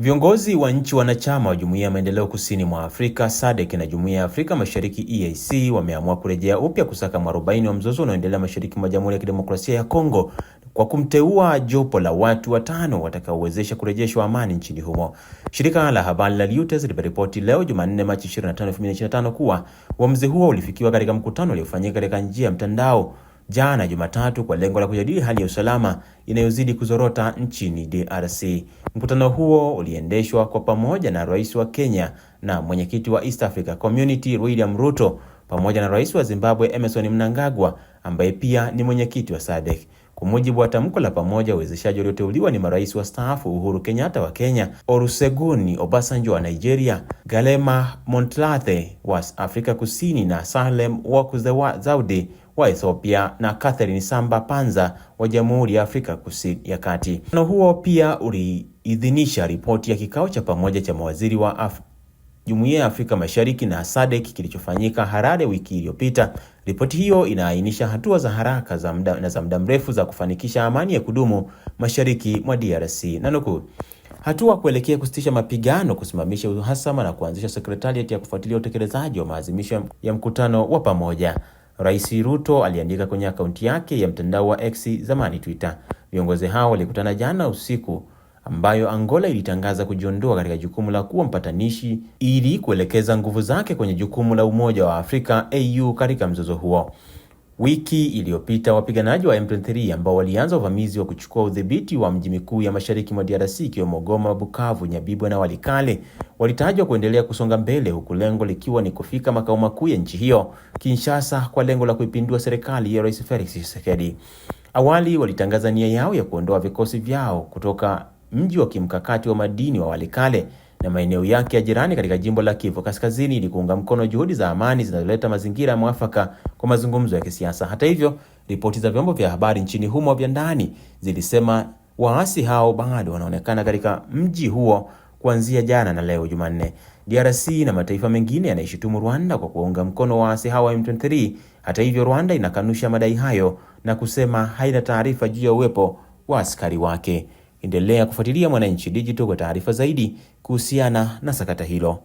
Viongozi wa nchi wanachama wa Jumuiya ya Maendeleo Kusini mwa Afrika SADC na Jumuiya ya Afrika Mashariki EAC wameamua kurejea upya kusaka mwarobaini wa mzozo unaoendelea mashariki mwa Jamhuri ya Kidemokrasia ya Kongo kwa kumteua jopo la watu watano watakaowezesha kurejeshwa amani nchini humo. Shirika la habari la Reuters limeripoti leo Jumanne, Machi 25, 2025 kuwa uamuzi huo ulifikiwa katika mkutano uliofanyika katika njia ya mtandao jana Jumatatu kwa lengo la kujadili hali ya usalama inayozidi kuzorota nchini DRC. Mkutano huo uliendeshwa kwa pamoja na Rais wa Kenya na mwenyekiti wa East Africa Community William Ruto pamoja na Rais wa Zimbabwe Emmerson Mnangagwa ambaye pia ni mwenyekiti wa SADC. Kwa mujibu wa tamko la pamoja, uwezeshaji walioteuliwa ni marais wastaafu Uhuru Kenyatta wa Kenya, Olusegun Obasanjo wa Nigeria, Kgalema Motlanthe wa Afrika Kusini na salem Work Zewde wa Ethiopia na Catherine Samba Panza wa Jamhuri ya Afrika Kusini ya Kati. Mkutano huo pia uliidhinisha ripoti ya kikao cha pamoja cha mawaziri wa Af Jumuiya ya Afrika Mashariki na SADC kilichofanyika Harare wiki iliyopita. Ripoti hiyo inaainisha hatua za haraka za mda, na za muda mrefu za kufanikisha amani ya kudumu mashariki mwa DRC na hatua kuelekea kusitisha mapigano, kusimamisha uhasama na kuanzisha sekretarieti ya kufuatilia utekelezaji wa maazimisho ya mkutano wa pamoja. Rais Ruto aliandika kwenye akaunti yake ya mtandao wa X zamani Twitter. Viongozi hao walikutana jana usiku ambayo Angola ilitangaza kujiondoa katika jukumu la kuwa mpatanishi ili kuelekeza nguvu zake kwenye jukumu la Umoja wa Afrika AU katika mzozo huo. Wiki iliyopita wapiganaji wa M23 ambao walianza uvamizi wa kuchukua udhibiti wa mji mikuu ya mashariki mwa DRC ikiwemo Goma, Bukavu, Nyabibwe na Walikale walitajwa kuendelea kusonga mbele huku lengo likiwa ni kufika makao makuu ya nchi hiyo, Kinshasa, kwa lengo la kuipindua serikali ya Rais Felix Tshisekedi. Awali walitangaza nia yao ya kuondoa vikosi vyao kutoka mji wa kimkakati wa madini wa Walikale na maeneo yake ya jirani katika jimbo la Kivu Kaskazini ili kuunga mkono juhudi za amani zinazoleta mazingira ya mwafaka kwa mazungumzo ya kisiasa. Hata hivyo, ripoti za vyombo vya habari nchini humo vya ndani zilisema waasi hao bado wanaonekana katika mji huo kuanzia jana na leo Jumanne. DRC na mataifa mengine yanaishutumu Rwanda kwa kuwaunga mkono waasi hao wa M23. Hata hivyo, Rwanda inakanusha madai hayo na kusema haina taarifa juu ya uwepo wa askari wake. Endelea kufuatilia Mwananchi Digital kwa taarifa zaidi kuhusiana na sakata hilo.